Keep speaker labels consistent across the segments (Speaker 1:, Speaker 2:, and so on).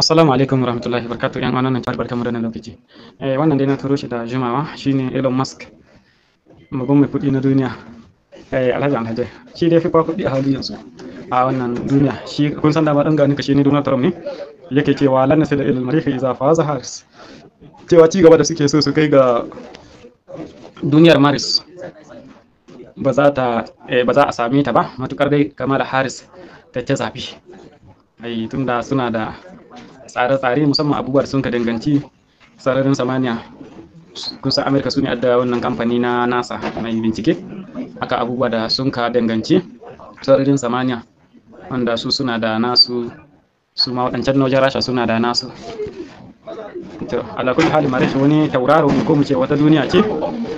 Speaker 1: Assalamu alaikum warahmatullahi wabarakatuh yan wannan chat barkamu da nan lokaci. Eh wannan dai na turo shi da jimawa shine Elon Musk. Mugun mai kuɗi na duniya. Eh Alhaji Alhaji shi dai fi kwa kuɗi a halin yanzu. A wannan duniya shi kun san da ba dan gani kashe ne Donald Trump ne yake cewa lan sai da ilal marihi iza faza haris. Cewa ci gaba da suke so su kai ga duniyar Maris. Ba za ta eh, ba za a same ta ba matukar dai kamar Harris ta ce zafi. Ai tunda suna da tsare-tsare musamman abubuwa da sun ka danganci sararin samaniya san amurka su ne adda wannan kamfani na nasa mai bincike aka abubuwa da sun ka danganci sararin samaniya wanda su suna da nasu su ma waɗancan na wajen rasha suna da nasu to alakul hali marashi wani tauraro ne ko mu ce wata duniya ce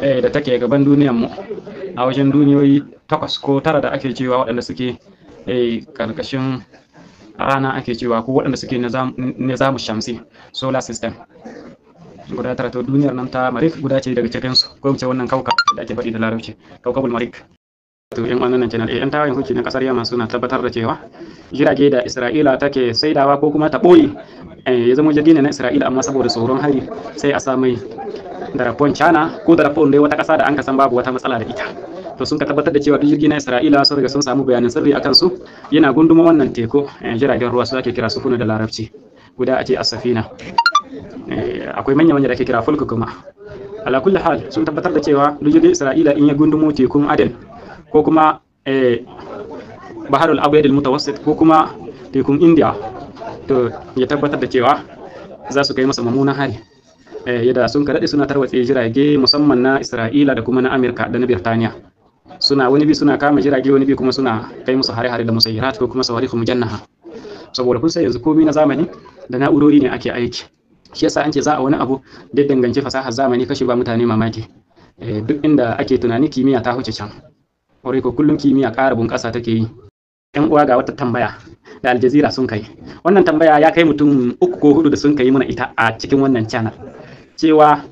Speaker 1: eh, da take gaban duniyan mu a wajen duniyoyi takwas ko tara da ake cewa waɗanda suke karkashin eh, rana ake cewa ko waɗanda suke mu shamsi solar system guda tara to duniyar nan ta marik guda ce daga cikin su ko ce wannan kauka da ake faɗi da larabci kaukabul marik to yan wannan channel eh yan tawayen hukunci na kasar yamma suna tabbatar da cewa jirage da Isra'ila take saidawa ko kuma ta boye eh, ya zama jirgi ne na Isra'ila amma saboda tsoron hari sai a sa mai darapon China ko darapon dai wata kasa da an kasan babu wata matsala da ita to sun ka tabbatar da cewa duk jirgin na Isra'ila sun riga sun samu bayanan sirri akan su yana gunduma wannan teku eh, jiragen ruwa su ake kira kuna da larabci guda a ce asafina safina eh, akwai manya manya da ake kira fulku kuma ala kulli hal sun tabbatar da cewa duk jirgin Isra'ila in ya gundumo tekun Aden ko kuma eh, Baharul Abyad al-Mutawassit ko kuma tekun India to ya tabbatar da cewa za su kai masa mummunan hari yadda sun kaɗaɗe suna tarwatse jirage musamman na isra'ila da kuma na amurka da na birtaniya suna wani bi suna kama jirage wani bi kuma suna kai musu hare-hare da musayyarat ko kuma sawarihu mujannaha saboda kun sai yanzu komai na zamani da na'urori ne ake aiki shi yasa an ce za a wani abu da danganci fasahar zamani kashi ba mutane mamaki eh, duk inda ake tunani kimiyya ta huce can kwarai ko kullum kimiyya ƙara bunƙasa take yi yan uwa ga wata tambaya da aljazira sun kai wannan tambaya ya kai mutum uku ko hudu da sun kai mana ita a cikin wannan channel cewa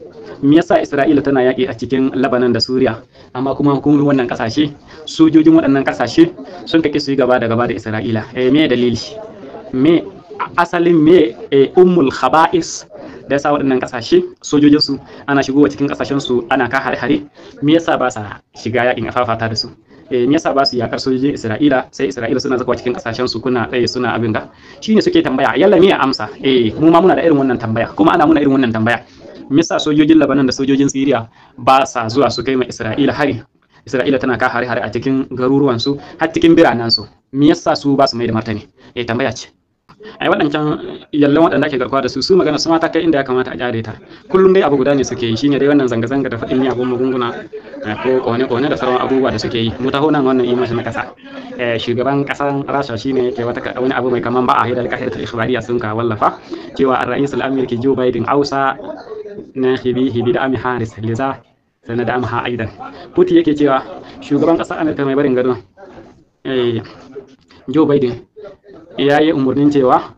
Speaker 1: me yasa Isra'ila tana yaƙi a cikin Labanan da Suriya amma kuma hukumar wannan kasashe sojojin waɗannan kasashe sun kake su yi gaba da gaba da Isra'ila eh me dalili me asalin me eh, ummul khaba'is da yasa waɗannan kasashe sojojin su ana shigowa cikin kasashen su ana ka hare hare me yasa ba sa shiga yaƙin afafata da su eh, me yasa ba su yaƙar sojojin Isra'ila sai Isra'ila suna zakawa cikin kasashen su kuna tsaye eh, suna abin da shine suke tambaya yalla me ya amsa eh mu ma muna da irin wannan tambaya kuma ana muna irin wannan tambaya misa sojojin labanan da sojojin siriya ba sa zuwa su kai ma isra'ila hari isra'ila tana ka hari hari a cikin garuruwansu har cikin biranansu. me yasa su ba su mai da martani eh tambaya ce ai waɗancan yallan waɗanda ake garkuwa da su su magana su mata kai inda ya kamata a jare ta kullum dai abu guda ne suke yi shine dai wannan zanga zanga da ni abun magunguna eh, ko kone kone da sauran abubuwa da suke yi mu taho nan wannan image na ƙasa eh, shugaban kasan Rasha shine yake wata wani abu mai kaman ba a hidal kahir ta ikhbariya sun ka wallafa cewa ar-ra'is al ke Joe Biden hausa hibi, da nahibihi bid'amiha liza sannan da amha aidan puti yake cewa shugaban ƙasar amurka mai barin gado eh, joe biden ya yi umarnin cewa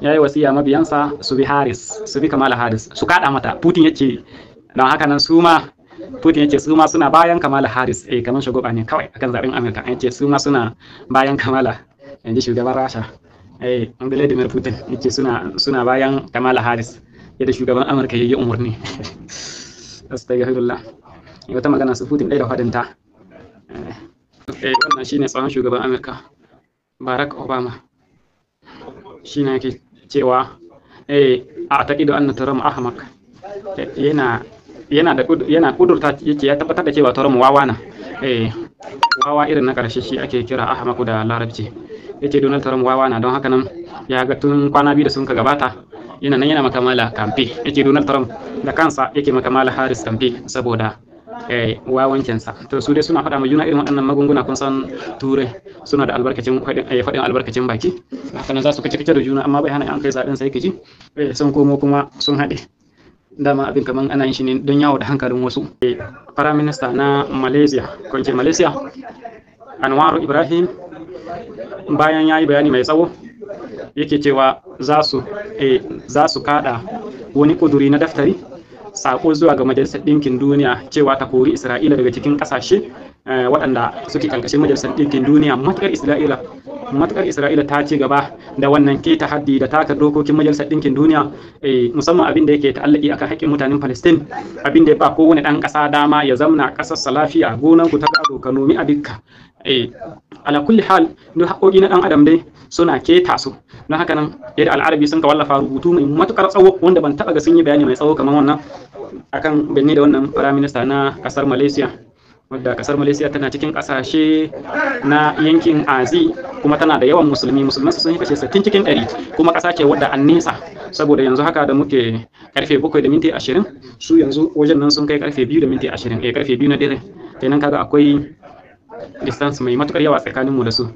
Speaker 1: ya yi wasiya mabiyansa su bi haris su bi kamala haris su kaɗa mata putin ya ce don haka nan su ma putin ya eh, ce su ma suna bayan kamala haris eh kamar shugaba ne kawai akan zaɓen amurka ya ce su ma suna bayan kamala yanzu shugaban rasha eh vladimir putin ya ce suna bayan kamala haris yadda shugaban amurka ya yi umarni astaghfirullah wata magana su putin ɗaya da fadinta eh, eh, wannan shine tsawon shugaban amurka barack obama shine yake cewa eh, a taƙido anna turam ahmak yana yana da yana kudurta yake ya tabbatar da cewa turam wawa na eh wawa irin na karshe shi ake kira ahmaku da larabci yake donald turam wawa na don haka nan ya ga tun kwana biyu da sun ka gabata yana nan yana makamala kamfe yake donald trump da kansa yake makamala harris kamfe saboda eh, wawancinsa to su dai suna faɗa ma juna irin waɗannan magunguna kun san turai suna da albarkacin faɗin eh, albarkacin baki haka nan za su kace kace da juna amma bai hana an kai zaɓen sai kaji eh, sun komo kuma sun haɗe dama abin kaman ana yin shi ne don yawo da hankalin wasu Prime Minister na Malaysia kwance Malaysia Anwaru Ibrahim bayan ya yi bayani mai tsawo yake cewa za su eh, kada wani kuduri na daftari sako zuwa ga majalisar ɗinkin duniya cewa ta kori isra'ila daga cikin kasashe eh, waɗanda suke kankashe majalisar ɗinkin duniya matuƙar isra'ila matuƙar isra'ila ta ci gaba da wannan ke ta haddi da taka dokokin majalisar ɗinkin duniya eh, musamman abin da yake ta'allaki akan haƙƙin mutanen palestine abin da ya ba kowane ɗan ƙasa dama ya zamna ƙasarsa lafiya gonan ku ta gado ka nomi abinka eh ala kulli hal duk haƙoƙi na ɗan adam dai suna ke taso na haka nan yadda al'arabi sun ka wallafa rubutu mai matukar tsawo wanda ban taɓa ga sun yi bayani mai tsawo kamar wannan akan banni da wannan firaminista na ƙasar malaysia wadda kasar malaysia tana cikin kasashe na yankin azi kuma tana da yawan musulmi musulman sun yi kashe 60 cikin ɗari kuma kasa ce wadda an nesa saboda yanzu haka da muke karfe 7 da minti 20 su yanzu wajen nan sun kai karfe 2 da minti 20 eh karfe 2 na dare kenan kaga akwai distance mai matukar yawa tsakanin mu da su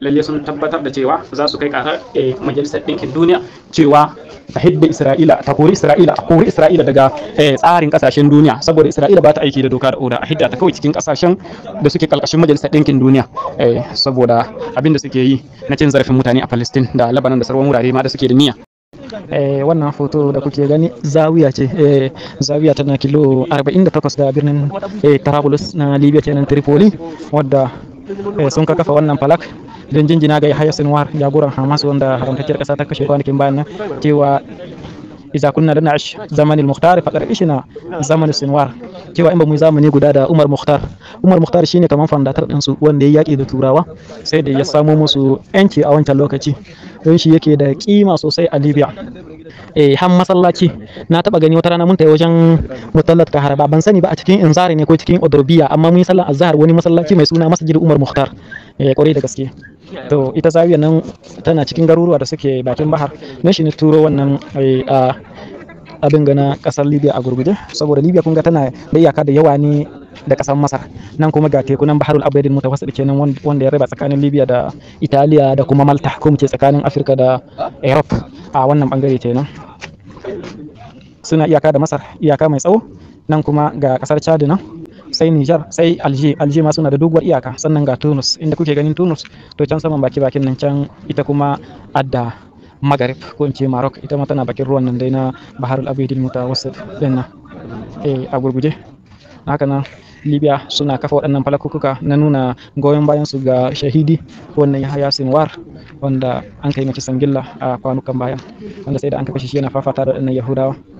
Speaker 1: lalle sun tabbatar da cewa za su kai karar eh, majalisar ɗinkin duniya cewa ta hidda isra'ila ta kori isra'ila ta kori isra'ila daga eh, tsarin kasashen duniya saboda isra'ila ba ta aiki da doka da oda a hidda ta kawai cikin kasashen da suke kalkashin majalisar ɗinkin duniya eh, saboda abin da suke yi na cin zarafin mutane a palestine da labanan da sauran wurare ma da suke da niyya Eh, wannan hoto da kuke gani zawiya ce eh, zawiya tana kilo 48 da birnin eh, Tarabulus na Libya kenan Tripoli wadda sun ka kafa wannan falak don jinjina ga Yahya Sinwar jagoran Hamas wanda haramtacciyar kasa ta kashe kwanakin bayan nan cewa idza kunna lana ash zaman al-mukhtar faqad ishna zaman sinwar cewa in ba mu zamani guda da Umar Mukhtar Umar Mukhtar shine kaman fandatar din su wanda ya yaki da turawa sai da ya samo musu yanci a wancan lokaci don shi yake da kima sosai a Libya eh har masallaci na taba gani wata rana mun tayi wajen mutallat ka ban sani ba a cikin inzari ne ko cikin odrobiya amma mun yi sallar azhar wani masallaci mai suna masjid Umar Mukhtar eh kwarai da gaske to ita zawiya nan tana cikin garuruwa da suke bakin bahar nan shi ne turo wannan eh, abin gana kasar libya a gurguje saboda libya kun ga tana da iyaka da yawa ne da kasar masar nan kuma ga tekunan baharul abaidin mutawassit kenan wanda ya raba tsakanin libya da italiya da kuma malta ko muke tsakanin afirka da europe a wannan bangare kenan suna iyaka da masar iyaka mai tsawo nan kuma ga kasar chad nan sai Niger sai Alger Alger ma suna da doguwar iyaka sannan ga Tunus inda kuke ganin Tunus to can saman baki bakin nan can ita kuma adda Maghreb ko in ce Maroc ita ma tana bakin ruwan nan dai na Baharul Abidil Mutawassit din nan eh a gurguje haka nan libya suna kafa waɗannan falakukuka na nuna goyon bayan su ga shahidi wannan yahaya sinwar wanda an kai mace sangilla a kwanukan baya wanda sai da an kafa shi yana fafata da waɗannan yahudawa